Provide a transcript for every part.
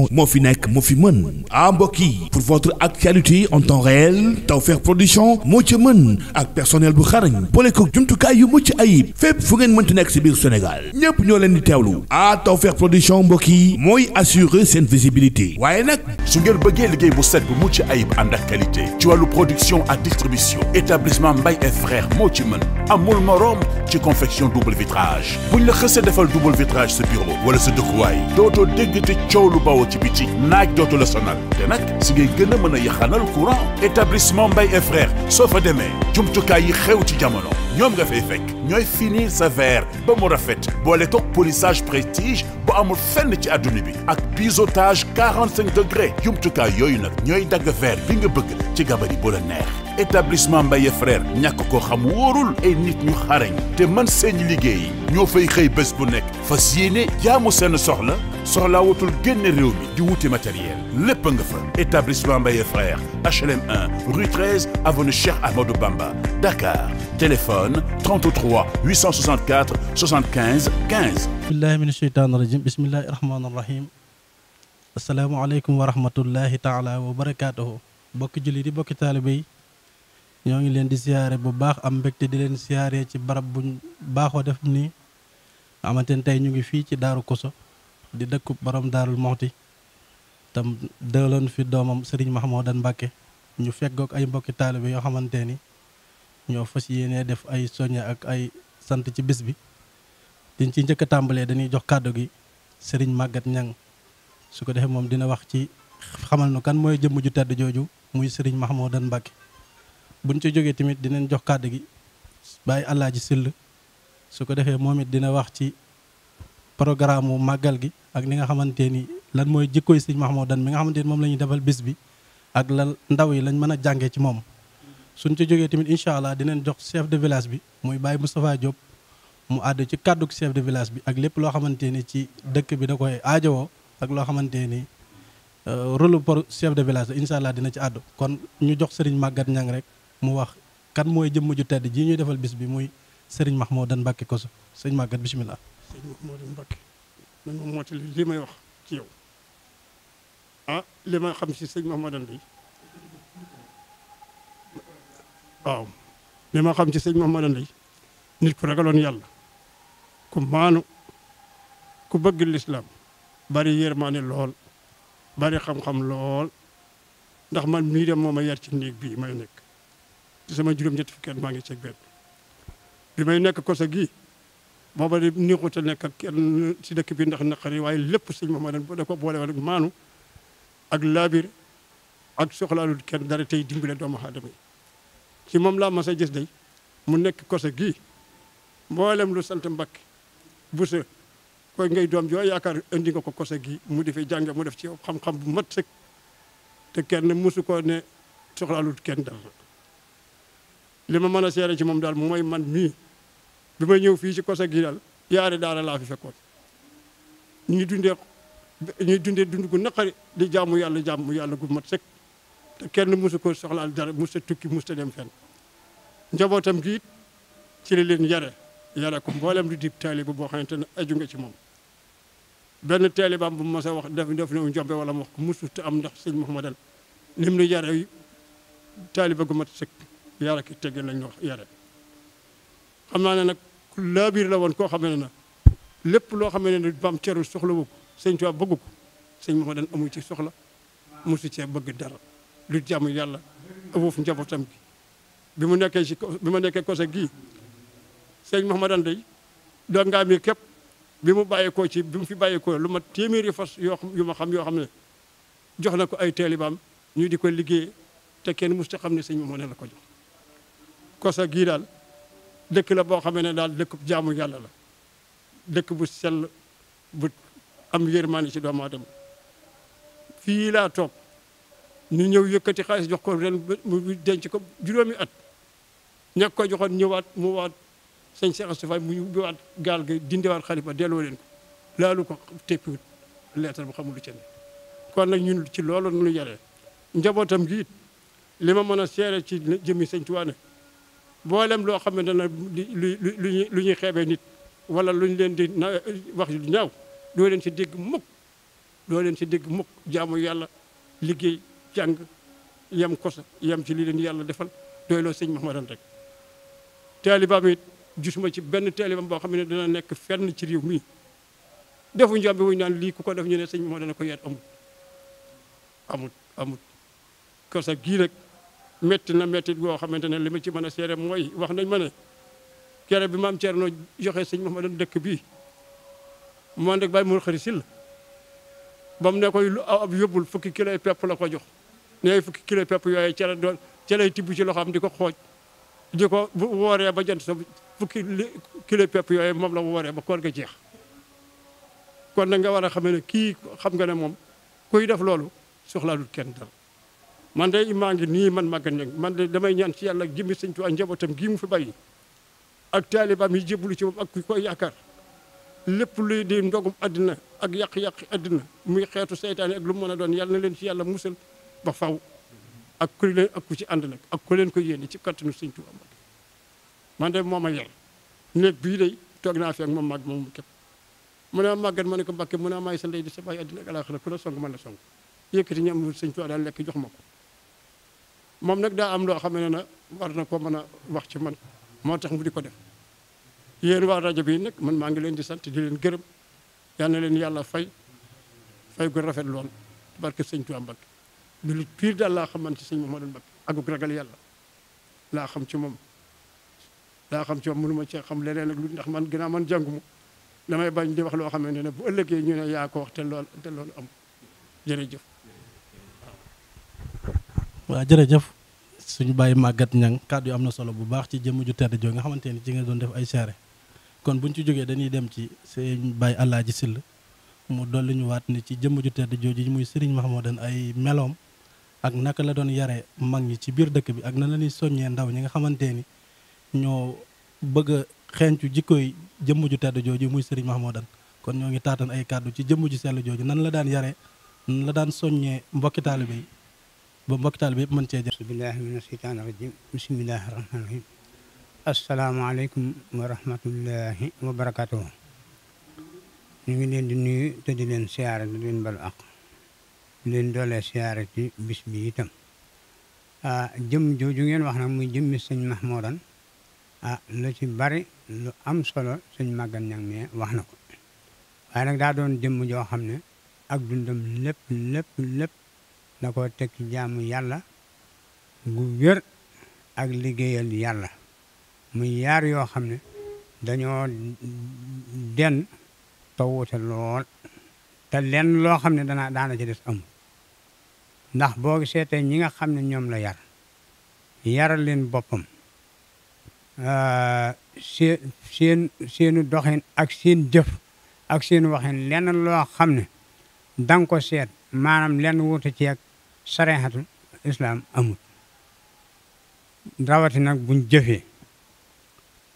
production moo fi nekk moo fi mën ah mbokk yi pour votre actualité en temps réel Tawfekh production moo ci mën ak personnel bu xarañ boole ko jumtukaay yu mucc ayib fépp fu ngeen mënti nekk si biir Sénégal ñépp ñoo leen di teewlu ah Tawfekh production mbokk yi mooy assurer seen visibilité waaye nag su ngeen bëggee liggéey bu set bu mucc ayib ànd ak qualité ci wàllu production ak distribution établissement Mbaye et frères moo ci mën amul morom ci confection double vitrage buñ la xësee defal double vitrage sa sa dëkkuwaay ci biti naaj dootu la sonal te nag si ngay gën a mën a yaxanal courant établissement Mbaye et frères soo fa demee jumtukaay yi xew ci jamono ñoom nga fay fekk ñooy finir sa verre ba mu rafet boole toog polissage prestige bu amul fenn ci adduna bi ak biseautage 45 degré jumtukaay yooyu nag ñooy dagg verre bi nga bëgg ci gabari bu la neex établissement Mbaye frère ñàkk koo xam wóorul ay nit ñu xarañ te mën seen liggéey ñoo fay xëy bés bu nekk fas yéene jaamu seen soxla soxlaa wutul génne réew mi di wuti matériel lépp nga fa établissement Mbaye frère HLM 1 rue 13 avenue Cheikh Amadou Bamba Dakar téléphone 33 864 75 15 billahi min asheytaan irajim bismillahi rahmaan irahim asalaamaaleykum wa rahmatullahi taala wa barakatuhu bokki julli di bokki taalibe yi ñoo ngi leen di siyaare bu baax am mbégte di leen siyaare ci barab buñ baaxoo def nii amante tey ñu ngi fii ci Daaru Koso di dëkku borom daarul moxti tam dëloon fi doomam sëriñ Mahmoudan Mbàkke ñu feggoog ay mbokki taalibe yoo xamante ni ñoo fas yéenee def ay soññe ak ay sant ci bis bi diñ ci njëkk tàmbalee dañuy jox kàddu gi sëriñ màggat ñang su ko defee moom dina wax ci xamal nu kan mooy jëmm ju tedd jooju muy sëriñ Mahmoudan Mbàkke buñ ci jógee tamit dina jox kàddu gi bàyyi àllaaji sill su ko defee moom it dina wax ci programme mu màggal gi ak ni nga xamante ni lan mooy jikkoy sëñ dan mi nga xamante ni moom la ñuy defal bis bi ak lan ndaw yi lañ mën a jàngee ci moom suñ ci jógee tamit incha allah dinañ jox chef de village bi muy Baye Moustapha Diop mu àdd ci kàddu chef de village bi ak lépp loo xamante ni ci dëkk bi da koy aajowoo ak loo xamante ni euh, rôle pour chef de village la incha allah dina ci àddu kon ñu jox sëriñ màggat Niang rek mu wax kan mooy jëmm ju tedd ji ñuy defal bis bi muy Serigne Mahmoudan Mbacké Kosso sëñ Maguette bisimilah. sëñ Mouhamadou Mbacké man ma mootali li may wax ci yow ah li ma xam si sëñ Mouhamadou bi waaw li ma xam ci sëñ Mouhamadou bi nit ku ragaloon yàlla ku maanu ku bëgg lislaam bari yërmaane lool bari xam-xam lool ndax man mii dem moo ma yar ci néeg bii may nekk ci sama juróom-ñetti fukki at maa ngi ceeg bi may nekk kosa gii booba de neexut a nekk ak kenn ci dëkk bi ndax naqar yi waaye lépp sëñ Mouhamadou da ko boole woon maanu ak laabir ak soxlaalul kenn dara tey dimbale doomu aadama yi ci moom laa mas a gis mu nekk kose gi mboolem lu sant Mbàkke bu sa koy ngay doom joo yaakaar indi nga ko kose gi mu defee jànge mu def ci yow xam bu mat sëkk te kenn mosu koo ne soxlaalul kenn dara li ma mën a seere si moom daal mooy man mii bi may ñëw fii ci kosa gi daal yaari daal laa fi fekkoon ñuy dundee ñuy dundee dund gu naqari di jaamu yàlla jaamu yàlla gu mat sëkk te kenn mosu ko soxlaal dara mos a tukki mos a dem fenn njabootam gi it ci la leen yare yare ko mboolem di dib taaliba boo xamante ne aju nga ci moom benn taalibaam bu mos a wax def def ne njombe wala mu wax ko am ndax sëñ Muhammadan nim nu yare taaliba gu mat sëkk yare ki teggin lañ wax yare xam naa ne nag ku laabiir la woon koo xam ne na lépp loo xam ne ne Maam Cerno soxla wu ko sëñ Tuubaa bëgg ko sëñ Mahmadan amul ci soxla mosu cee bëgg dara lu jàmm yàlla awoof njabootam gi bi mu nekkee ci bi ma nekkee kose gii sëñ Mahmadan day doo ngaa mi képp bi mu bàyyeekoo ci bi mu fi bàyyeekoo lu ma téeméeri fas yoo yu ma xam yoo xam ne jox na ko ay bam ñu di ko liggéey te kenn musta xam ne sëñ ne la ko jox kosa gii daal dëkk la boo xamee ne daal dëkk bu jaamu yàlla la dëkk bu sell bu am yërmaani ci doomu aadama fii laa toog ñu ñëw yëkkati xaalis jox ko ren mu denc ko juróomi at ñàkk ko joxoon ñëwaat mu waat sëñ Cheikh Astou Faye mu ubbiwaat gaal gi dindiwaat xaalis ba delloo leen ko laalu ko teppiwut leetar bu xamul lu ci ne kon nag ñun ci loolu nu yaree njabootam gi it li mën a seere ci jëmmi sëñ Tuubaa ne mboolem loo xamante ne lu lu lu ñuy xeebee nit wala lu leen di na wax lu ñaaw doo leen ci dégg mukk doo leen ci dégg mukk jaamu yàlla liggéey jàng yem kosa yem ci lii leen yàlla defal doy loo sëñ Mahmadan rek taalibaam it gisuma ci benn taalibaam boo xam ne dina nekk fenn ci réew mi defuñu jàmbi wuñ naan lii ku ko def ñu ne sëñ Mahmadan dana ko yeet amul amul amul kosa gii rek métti na métti boo xamante ne li ma ci mën a seere mooy wax nañ ma ne kere bi maam Thierno joxe sëñ Mouhamadou dëkk bii moo nekk bàyyi mu xëri sil ba mu ne koy lu ab fukki kilo pepp la ko jox ne fukki kilo pepp yooyu ca la doon ca lay tibb ci loxo am di ko xooj di ko bu wooree ba jant sa fukki kilo pepp yooyu moom la wooree ba koor ga jeex kon nag nga war a xamee ne kii xam nga ne moom kuy def loolu soxlaalul kenn dara man de maa ngi nii man Maguette Niang man de damay ñaan ci yàlla jëmmi sëñ Tuubaa njabootam gii mu fi bay ak taalibaam yi jébbalu ci moom ak ku koy yaakaar lépp luy di ndogum àddina ak yàq-yàq àddina muy xeetu seytaane ak mën a doon yàlla na leen ci yàlla musal ba faw ak ku leen ci ànd ak ku leen ko yéene ci kattanu sëñ Tuubaa man de moom a yar bii day toog naa moom mag moom képp mu ne màggat ma ne ko Mbàkke ndey di sa bàyyi àddina ak alaaxira song man la song yëkkati ñam sëñ Tuubaa daal lekk jox ma ko moom nag daa am loo xam ne na war na koo mën a wax ci man moo tax mu di ko def yéen waa rajo bii nag man maa ngi leen di sant di leen gërëm yal na leen yàlla fay fay gu rafet loon barke sëñ Tuubaa Mbakke lu lu piir daal laa xam man ci sëñ Mamadu Mbakke akuk ragal yàlla laa xam ci moom laa xam ci moom mënuma ma cee xam leneen ak lu ndax man ginnaaw man jàngu ma damay bañ di wax loo xamante ne bu ëllëgee ñu ne yaa ko wax te lool te loolu am jërëjëf waaw jërëjëf suñu bàyyi màggat ñang kàddu yi am na solo bu baax ci jëmm ju tedd joo nga xamante ni ci nga doon def ay saare kon bu buñ ci jógee dañuy dem ci sëñ Baye Alaaji Sill mu dolli ñu waat ni ci jëmm ju tedd jooju muy Serigne Mahmoudan ay meloom ak naka la doon yare mag ñi ci biir dëkk bi ak na la ñuy soññee ndaw ñi nga xamante ni ñoo bëgg a xeeñcu jikkooy jëmm ju tedd jooju muy Serigne Mahmoudan kon ñoo ngi taatan ay kàddu ci jëmm ju sell jooju nan la daan yare nan la daan soññee mbokki taalibe yi ba mbokk bi yëpp mën cee jël billahi mina sheytaani rajim bismillahi rahmaani rahim asalaamaaleykum wa rahmatullahi wa barakatuhu ñu ngi leen di nuyu te di leen siyaare di leen balu ak leen doolee siyaare ci bis bi itam ah jëm jooju ngeen wax nag muy jëmmi sëñ Mahmoudan ah lu ci bari lu am solo sëñ màggan ñang mi wax ko waaye nag daa doon jëmm joo xam ne ak dundam lépp lépp lépp da ko tekki ci yàlla gu wér ak liggéeyal yàlla muy yaar yoo xam ne dañoo den te wuute lool te lenn loo xam ne danaa daana ci des amul ndax boo seetee ñi nga xam ne ñoom la yar yaral leen boppam seen seen seenu doxin ak seen jëf ak seen waxin lenn loo xam ne dan ko seet maanaam lenn wuute ci sareexatul islaam amul dawati nag buñ jëfee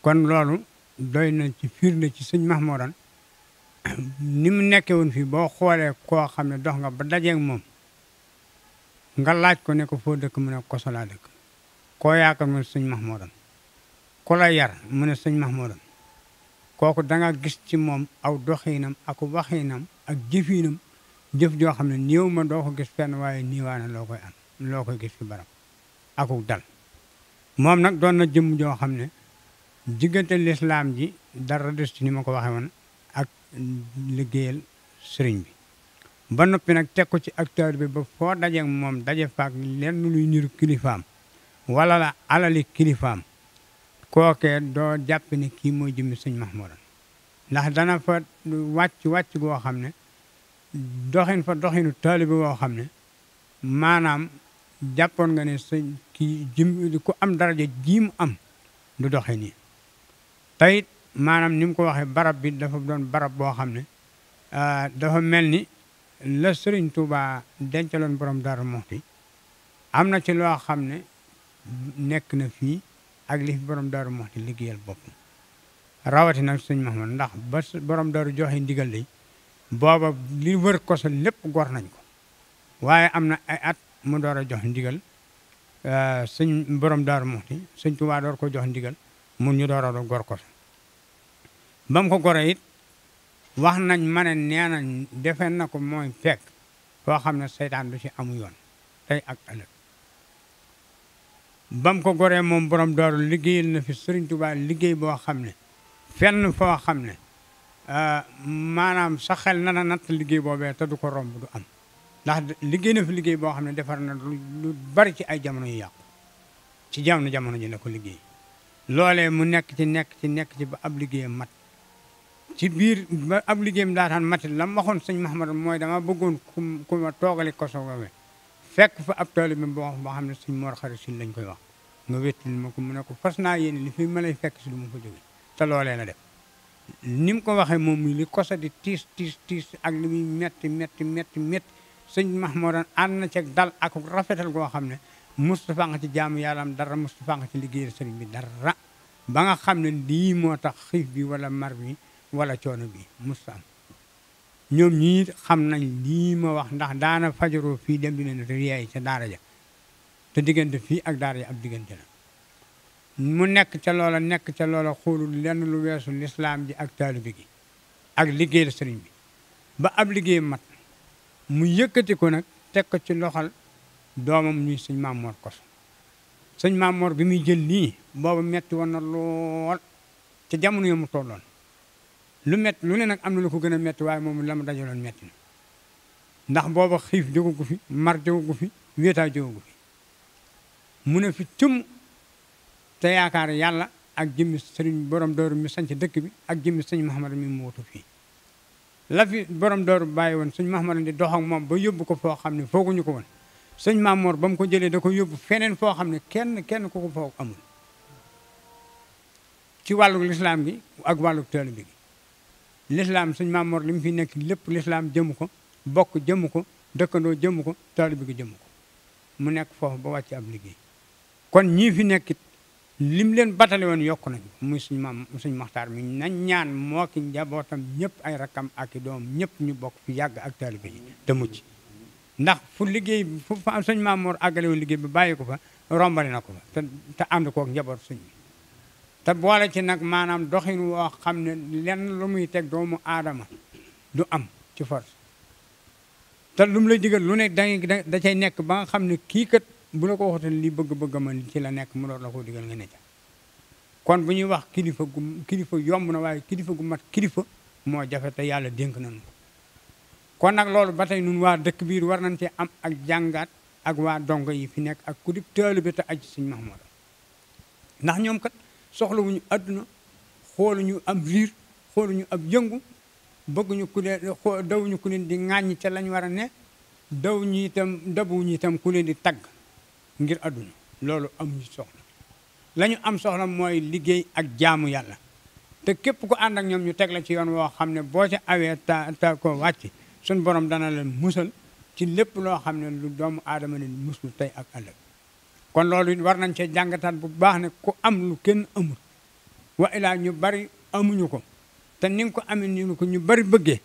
kon loolu doy na ci firnde ci sëñ Mahmoudan ni mu nekkee woon fii boo xoolee koo xam ne dox nga ba dajeeg moom nga laaj ko ne ko foo dëkk mu ne koso laa dëkk koo yaakaar mu ne sëñ Mahmoudan ku la yar mu ne sëñ Mahmoudan kooku da nga gis ci moom aw doxiinam ak waxiinam ak jëfiinam jëf joo xam ne néew ma doo ko gis fenn waaye niiwaane loo koy am loo koy gis ci barab akuk dal moom nag doon na jëmm joo xam ne jiggante lislaam ji dara des ci ni ma ko waxee woon ak liggéeyal sëriñ bi ba noppi nag teg ko ci acteur bi ba foo dajeeg moom daje faak lenn luy niru kilifaam walla la alali kilifaam kookee doo jàpp ne kii mooy jëmmi sëñ Mahmoudan ndax dana fa wàcc wàcc goo xam ne doxin fa doxinu taalibe boo xam ne maanaam jàppoon nga ne sëñ kii jim ku am daraja ji mu am du doxe nii tayit maanaam nim mu ko waxee barab bi dafa doon barab boo xam ne ah, dafa mel ni la sëriñ Tuubaa dencaloon borom Daaru Muxti am na ci loo xam ne nekk na fii ak li fi borom Daaru Muxti liggéeyal bopp rawati nag sëñ Mahmad ndax ba borom Daaru joxe ndigal lay booba li wër koso lépp gor nañ ko waaye am na ay at mu door a jox ndigal euh, sëñ borom daaru muxti sëñ Tuubaa door ko jox ndigal mun ñu door a gor koso ba mu ko gore wax nañ mane ne nee defe na ko mooy fekk foo xam ne seytaan du ci amu yoon tey ak ëllëg ba mu ko goree moom borom door liggéeyal na fi sëriñ Tuubaa liggéey boo xam ne fenn foo xam ne Ah, maanaam sa xel na na natt liggéey boobee te du ko romb du am ndax liggéey na fi liggéey boo xam ne defar na lu bari ci ay jamono yi yàqu ci jamono jamono ji la ko liggéey loolee mu nekk ci nekk ci nekk ci ba ab liggéeyam mat ci biir ba ab liggéeyam daataan matit la mu waxoon sëñ Mahamad mooy dama bëggoon ku ku ma toogale kosowe fekk fa ab taalibe boo xam ne sëñ Mor Xari Sil lañ koy wax nga wéttil ma ko mu ne ko fas naa yéene li fi ma fekk si lu mu ko jóge te loolee la def ni mu ko waxee moom muy li kosa di tiis tiis tiis ak li muy metti metti metti metti sëñ Mahmoudan ànd na ceeg dal ak rafetal goo xam ne Moustapha nga ci jaamu yàllaam dara Moustapha nga ci liggéey sëriñ bi dara ba nga xam ne lii moo tax xiif bi wala mar bi wala coono bi Moustapha ñoom ñii xam nañ lii ma wax ndax daana fajaroo fii dem di leen riyaay ca daara ja te diggante fii ak daara ja ab diggante la mu nekk ca loola nekk ca loola xoolu lenn lu weesu lislaam ji ak taalibe gi ak liggéeyal sëriñ bi ba ab liggéey mat mu yëkkati ko nag teg ko ci loxal doomam ñuy sëñ Maamoor Koso sëñ Maamoor bi muy jël nii boobu metti woon na lool te jamono yo mu tolloon lu metti lu ne nag am na lu ko gën a metti waaye moom la mu dajaloon metti na ndax booba xiif jógu ko fi mar jógu ko fi wéetaa jógu ko fi mu ne fi tum te yaakaar yàlla ak jëmmi sëriñ borom dooru mi sañ ci dëkk bi ak jëmmi sëñ Mouhamad mi mu wutu fii la fi borom dooru bàyyi woon sëñ Mouhamad di dox ak moom ba yóbbu ko foo xam ne fooguñu ko woon sëñ Mamoor ba mu ko jëlee da ko yóbbu feneen foo xam ne kenn kenn ku ko foog amul ci wàllu lislaam gi ak wàllu taalibe bi gi lislaam sëñ Mamoor li mu fi nekk lépp lislaam jëmu ko bokk jëmu ko dëkkandoo jëmm ko taalibe bi gi jëmu ko mu nekk foofu ba wàcc ab liggéey kon ñii fi nekkit lim leen batale woon yokku nañ muy suñ maam suñu maxtaar mi nañ ñaan moo njabootam ñëpp ay rakkam aki doom ñëpp ñu bokk fi yàgg ak taalibe yi te mucc ndax fu liggéey fu fa suñu maam Mor àggale woon liggéey bi bàyyi ko fa rombale na ko fa te te ànd kook njaboot suñ te boole ci nag maanaam doxin woo xam ne lenn lu muy teg doomu aadama du am ci force te lu mu lay lu ne da da nekk ba xam ne kii bu la ko waxoon li bëgg-bëgg man ci la nekk mu door la koo digal nga ne ca kon bu ñuy wax kilifa gu kilifa yomb na waaye kilifa gu mat kilifa moo jafe te yàlla dénk nañu ko kon nag loolu ba tey nun waa dëkk biir war nañ cee am ak jàngaat ak waa dongo yi fi nekk ak ku di taalibe te aju suñ Mahmouda ndax ñoom kat soxlawuñu àdduna xooluñu am riir xooluñu ab yëngu bëgguñu ku leen dawuñu ku leen di ŋàññi ca lañ war a ne dawuñu itam dabuñu itam ku leen di tagg ngir àdduna loolu amuñu soxla lañu am soxla mooy liggéey ak jaamu yàlla te képp ku ànd ñoom ñu teg la ci yoon woo xam ne boo ci awee ta ko wàcc suñ borom dana leen musal ci lépp loo xam ne lu doomu aadama leen musul tey ak ëllëg kon loolu war nañ cee jàngataat bu baax ne ku am lu kenn amul wa ilaa ñu bari amuñu ko te ni nga ko amee ni ko ñu bari bëggee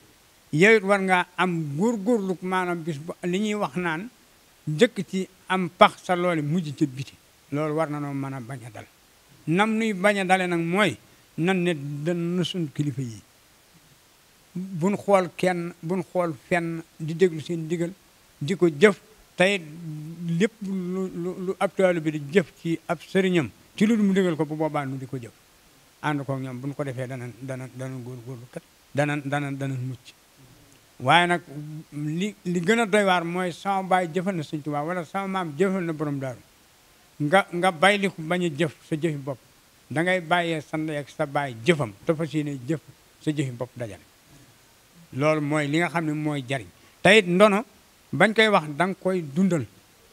yow war ngaa am góorgóorlu maanaam bis bu li ñuy wax naan njëkk ci am pax sa loole mujj ca biti loolu war na noo mën a bañ a dal nam nuy bañ a dale nag mooy nan ne dana suñ kilifa yi buñ xool kenn buñ xool fenn di déglu seen digal di ko jëf tey lépp lu lu ab taalu bi di jëf ci ab sëriñam ci lu mu digal ko bu boobaa nu di ko jëf ànd koog ñoom buñ ko defee danan danan danan góorgóorlu kat danan danan danan mucc waaye nag li li gën a doy waar mooy sama baay jëfal na sëñ Tuubaa wala sama maam jëfal na borom daal nga nga bayliku bañ a jëf sa jëfi bopp da bàyyee sa sa baay jëfam te jëf sa jëfi bopp dajale loolu mooy li nga xam ne mooy jariñ teyit ndono bañ koy wax da nga koy dundal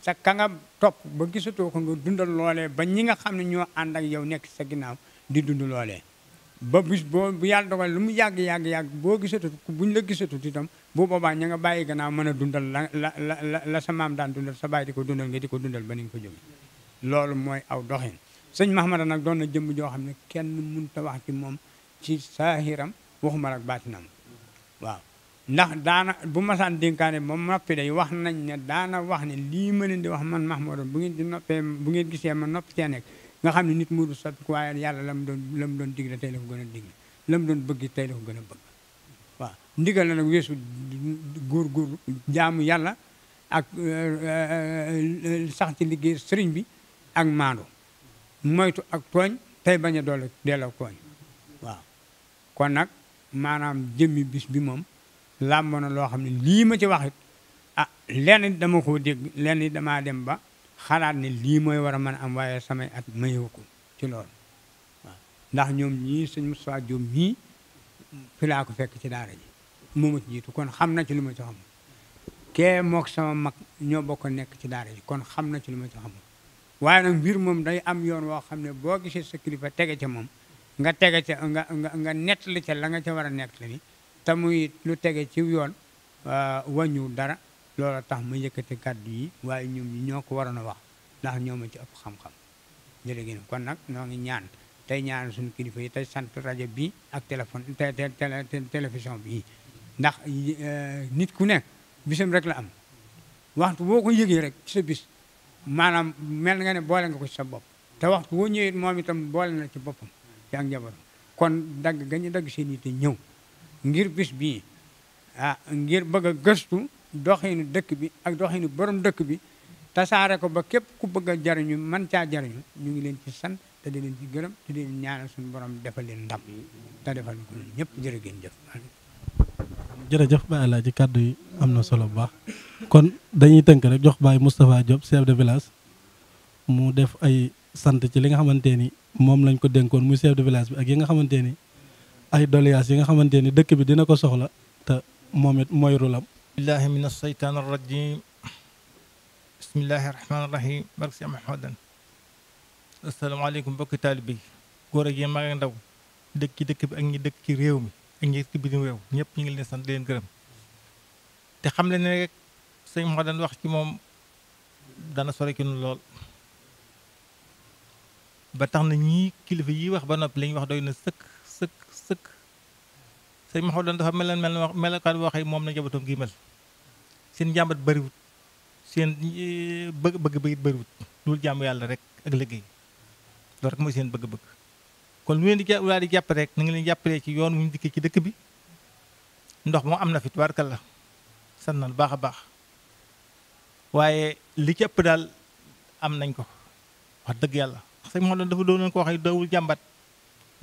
sa ka nga topp ba gisatoo ko nga dundal loole ba ñi nga xam ne ñoo ànd ak yow nekk sa ginnaaw di dund loole ba bis boo bu yàlla dogal lu mu yàgg yàgg yàgg boo gisatut buñ la gisatut itam bu boobaa ña nga bàyyi gannaaw mën a dundal la la la la sa maam daan dundal sa bàyyi yi ko dundal nga di ko dundal ba ni nga ko jóge loolu mooy aw doxin sëñ ma Mahamada nag doon na jëmm joo xam ne kenn mun ta wax ci moom ci saahiram waxuma ak baatinam waaw ndax daana bu masaan dénkaane ba noppi day wax nañ ne daana wax ne lii ma leen di wax man Mahamada bu ngeen di noppee bu ngeen gisee ma noppi cee nekk nga xam ne nit mu du soppi ko waaye yàlla la mu doon la mu doon digle tey la ko gën a digle la mu doon bëgg tey la ko gën a bëgg waaw ndigal la nag weesu góor góor jaamu yàlla ak euh, euh, euh, sax ci liggéey sëriñ bi ak maandu moytu ak tooñ tey bañ a doole delloo tooñ waaw kon nag maanaam jëmmi bis bi moom làmb na loo xam ne lii ma ci waxit ah lenn dama koo dégg lenn damaa dem ba xalaat ni lii mooy war a mën a am waaye samay at mayewu ko ci loolu ndax ñoom ñii sëñ Moussa Diop mii fi laa ko fekk ci daara ji moo ma jiitu kon xam na ci lu ma ci xam kee mook sama mag ñoo bokk nekk ci daara ji kon xam na ci lu ma ci xam waaye nag biir moom day am yoon woo xam ne boo gisee sa kilifa tege ca moom nga tege ca nga nga nga nettali ca la nga ca war a nettali te muy lu tege ci yoon euh, wàññiwul dara loola tax ma yëkkati kàddu yi waaye ñoom ñi ñoo ko waroon a wax ndax ñoo ma ci ëpp xam-xam jërë ngeen kon nag ñoo ngi ñaan tey ñaan suñu kilifa yi tey sant rajo bi ak téléphone télévision bii ndax euh, nit ku nekk bisam rek la am waxtu boo ko yëgee rek ci sa bis maanaam mel nga ne boole nga ko ci sa bopp te waxtu woo ñëwee moom itam boole na ci boppam ci ak njabootam kon dagg gañu dagg seen yi te ñëw ngir bis bii ah ngir bëgg a gëstu doxinu dëkk bi ak doxinu borom dëkk bi tasaare ko ba képp ku bëgg a jariñu man caa jariñu ñu ngi leen ci sant te di leen ci gërëm te di leen suñu borom defal leen ndam te defal ko ñun ñëpp jërë ngeen jëf jërëjëf Baye kàddu yi am na solo bu baax kon dañuy tënk rek jox Baye Moustapha Diop chef de village mu def ay sant ci li nga xamante ni moom lañ ko dénkoon muy chef de village bi ak yi nga xamante ni ay doléances yi nga xamante ni dëkk bi dina ko soxla te moom it mooy rulam billahi min alsheytaan arrajim bismillahi irahmaan irahim barke si Muhammadan asalaamaaleykum mbokki taalibe bi góor ak yi mag ak ndaw dëkk ci dëkk bi ak ñi dëkk ci réew mi ak ñi ci bitim réew ñëpp ñu ngi leen sant di leen gërëm te xam leen ne rek sëñ Muhammadan wax ci moom dana sore ci nu lool ba tax na ñii kilifa yi wax ba nopp li ñuy wax doy na sëkk sëkk sëkk sëñ Muhammadan dafa mel mel melokaan boo xam ne moom na njabootam gi mel seen njàmbat bariwut seen bëgg bëgg bëgg loolu jàmm yàlla rek ak liggéey loolu rek mooy seen bëgg-bëgg kon lu leen di waa di jàpp rek na nga leen jàppalee ci yoon wu ñu dikkee ci dëkk bi ndox moo am na fit tubaarkalla sant na lu baax a baax waaye li ci ëpp daal am nañ ko wax dëgg yàlla sëñ Mouhamadou dafa doon ko waxee dawul jàmbat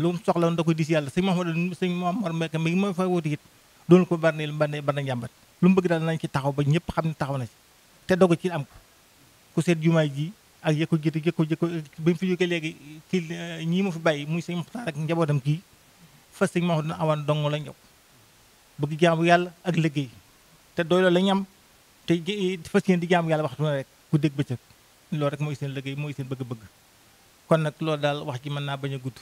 lu mu soxla woon da koy dis yàlla sëñ Mouhamadou mi ngi ma fa wóoti it ko barneel mbanne barna njàmbat lu mu bëgg daal nañ ci taxaw ba ñëpp xam ne taxaw na ci te dogu ci am ko ku seet jumaay jii ak yëkko jëti yëkko jëkko bi mu fi jógee léegi kii eh, ñii mu fi bàyyi muy sëñ Muxtaar ak njabootam kii fas sëñ Maodo na awaan dong la ñëw bëgg jaamu yàlla ak liggéey te doy loolu la ñu am eh, te fas di jaamu yàlla waxtu na rek ku dégg bëccëg loolu rek mooy seen liggéey mooy seen bëgg-bëgg kon nag loolu daal wax ji mën naa bañ a gudd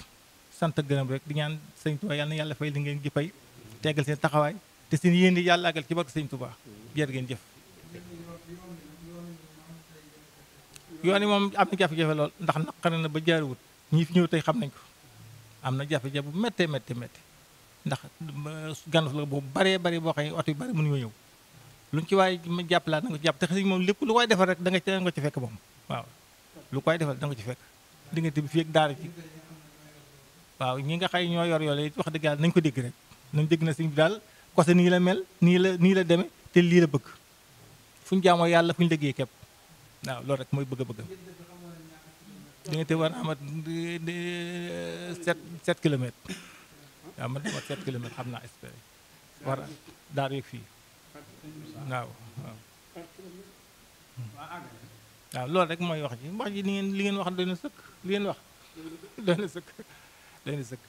sant gërëm rek di ñaan sëñ Tuubaa yàlla na yàlla fay li ngeen ji fay teggal seen taxawaay te seen yéen di yàlla àggal ci barke sëñ Touba jërë ngeen jëf yoon yi moom am na jafe-jafe lool ndax naqare na ba jaaruwut ñii fi ñëw tey xam nañ ko am na jafe-jafe bu mettee mettee méttee ndax gànnaaw la boobu baree bari boo xam ne oto yu bari mënuñoo ñëw luñ ci waaye jàpp laa da nga ko jàpp te xëy moom lépp lu koy defal rek da nga ci da nga ci fekk moom waaw lu koy defal da nga ci fekk diggante bi fii ak daara ci waaw ñi nga xay ñoo yor yoole wax dëgg yàlla ko dégg daal côté nii la mel nii la nii la demee te lii la bëgg fu ñu jaamoo yàlla fu ñu liggéey képp waaw loolu rek mooy bëgg-bëgg. diggante war amat sept sept kilomètres waaw man amat sept fii waaw loolu rek mooy wax ji wax ji ni ngeen li ngeen wax doy na sëkk li ngeen wax doy na sëkk doy na sëkk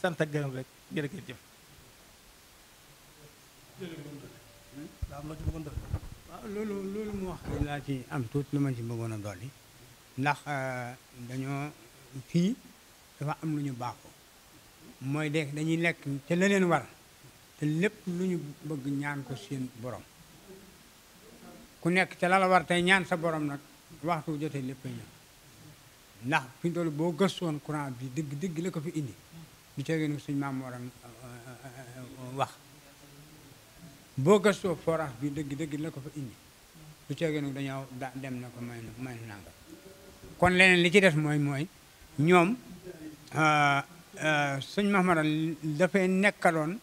sant ak gërëm waaw loolu loolu mu wax dañ laa ci am tuuti lu ma ci bëggoon a dolli ndax euh, dañoo fii dafa am lu ñu baaxoo mooy de dañuy lekk ca la war te lépp lu ñu bëgg ñaan ko seen borom ku nekk te la la war tey ñaan sa borom nag waxtu jotee lépp a ñëw ndax fi doolu boo gëstoon courant bi dëgg dëgg la ko fi indi du tegeenu suñ maam waram euh, euh, wax boo gëstoo forage bi dëgg dëgg la ko fa indi lu ceegee nag dañoo dem na ko may may nanga kon leneen li ci des mooy mooy ñoom ah, ah, sëñ Mahmadan dafay nekkaloon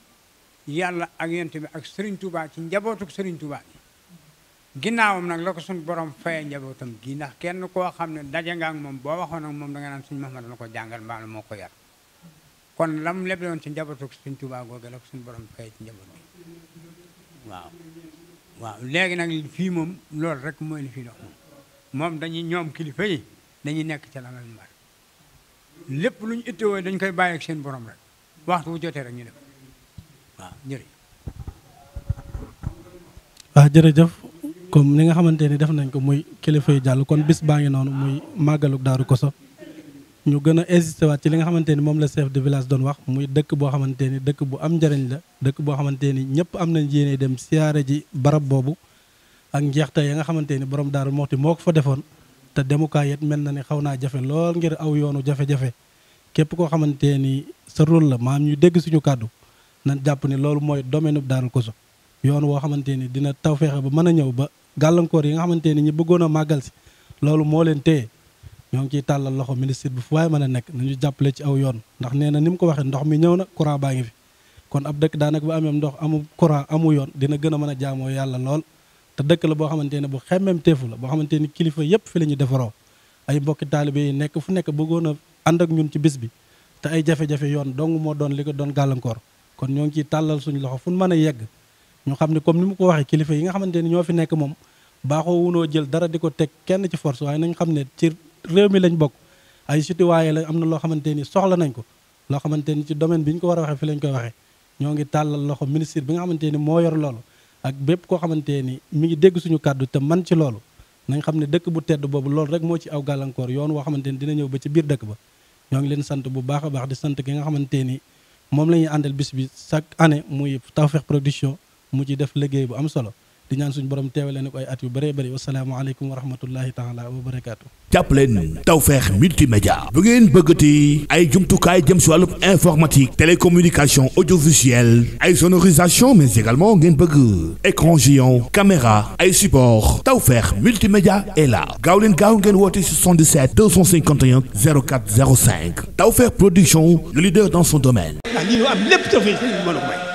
yàlla ak yonent bi ak Serigne Touba ci njabootuk Serigne Touba bi ginnaawam nag la ko suñ borom faye njabootam gi ndax kenn koo xam ne daje nga moom boo waxoon ak moom da nga naan sëñ Mahmadan la ko jàngal mbaa moo ko yar kon lam lebloon ci njabootuk Serigne Touba googu la ko suñ borom faye ci njaboot waaw waaw léegi nag fii moom loolu rek mooy li fii dox moom moom dañuy ñoom kilifa yi dañuy nekk ca la nga war lépp lu ñu ittewoo dañ koy bàyyi ak seen borom rek waxtu wu jotee rek ñu def waaw njëriñ. ah jërëjëf comme ni nga xamante ni def nañ ko muy kilifa yi jàll kon bis baa ngi noonu muy màggalu Daaru Koso. ñu gën a insisté waat ci li nga xamante ni moom la chef de village doon wax muy dëkk boo xamante ni dëkk bu am njariñ la dëkk boo xamante ni ñëpp am na yéene dem siyaare ji barab boobu ak njeexte ya nga xamante ni borom daaru moxti moo ko fa defoon te demukaay it mel na ni xaw naa jafe lool ngir aw yoonu jafe-jafe képp koo xamante ni sa rôle la maam ñu dégg suñu kàddu nan jàpp ni loolu mooy domaine bu Daaru Koso yoon woo xamante ni dina taw feexe ba mën a ñëw ba gàllankoor yi nga xamante ni ñi bëggoon a màggal si loolu moo leen téye ñoo ngi ciy tàllal loxo ministre bi fu waaye mën a nekk nañu jàppale ci aw yoon ndax nee na ni mu ko waxee ndox mi ñëw na courant baa ngi fi kon ab dëkk daanaka bu amee ndox amu courant amu yoon dina gën a mën a jaamoo yàlla lool te dëkk la boo xamante ne bu xemmem teefu la boo xamante ni kilifa yëpp fi la ñu defaroo ay mbokki taalibe yi nekk fu nekk bëggoon a ànd ak ñun ci bis bi te ay jafe-jafe yoon dong moo doon li ko doon gàllankoor kon ñoo ngi ciy tàllal suñu loxo fu ñu mën a yegg ñu xam ne comme ni mu ko waxee kilifa yi nga xamante ni ñoo fi nekk moom baaxoo jël dara di ko teg kenn ci force waaye nañ xam ne ci réew mi lañ bokk ay citoyen la am na loo xamante ni soxla nañ ko loo xamante ni ci domaine bi ñu ko war a waxee fi lañ koy waxee ñoo ngi tàllal loxo ministre bi nga xamante ni moo yor loolu ak bépp koo xamante ni mi ngi dégg suñu kàddu te man ci loolu nañ xam ne dëkk bu tedd boobu loolu rek moo ci aw gàllankoor yoon woo xamante ni dina ñëw ba ci biir dëkk ba ñoo ngi leen sant bu baax a baax di sant ki nga xamante ni moom la ñuy àndal bis bi chaque année muy Tawfekh Production mu ci def liggéey bu am solo di ñaan suñu borom teewale na ko ay at yu bëree bëri wasalaamaaleykum wa rahmatullahi taala wa barakaatu. jàppaleen Tawfekh multimédia bu ngeen bëggati ay jumtukaay jëm si wàllu informatique télécommunication audiovisuelle ay sonorisation mais également ngeen bëgg écran géant caméra ay support Tawfekh multimédia est là gaaw leen gaaw ngeen woote 77 251 04 05 Tawfekh production le leader dans son domaine. ah lii ñu am lépp Tawfekh sëriñ bi mën a may.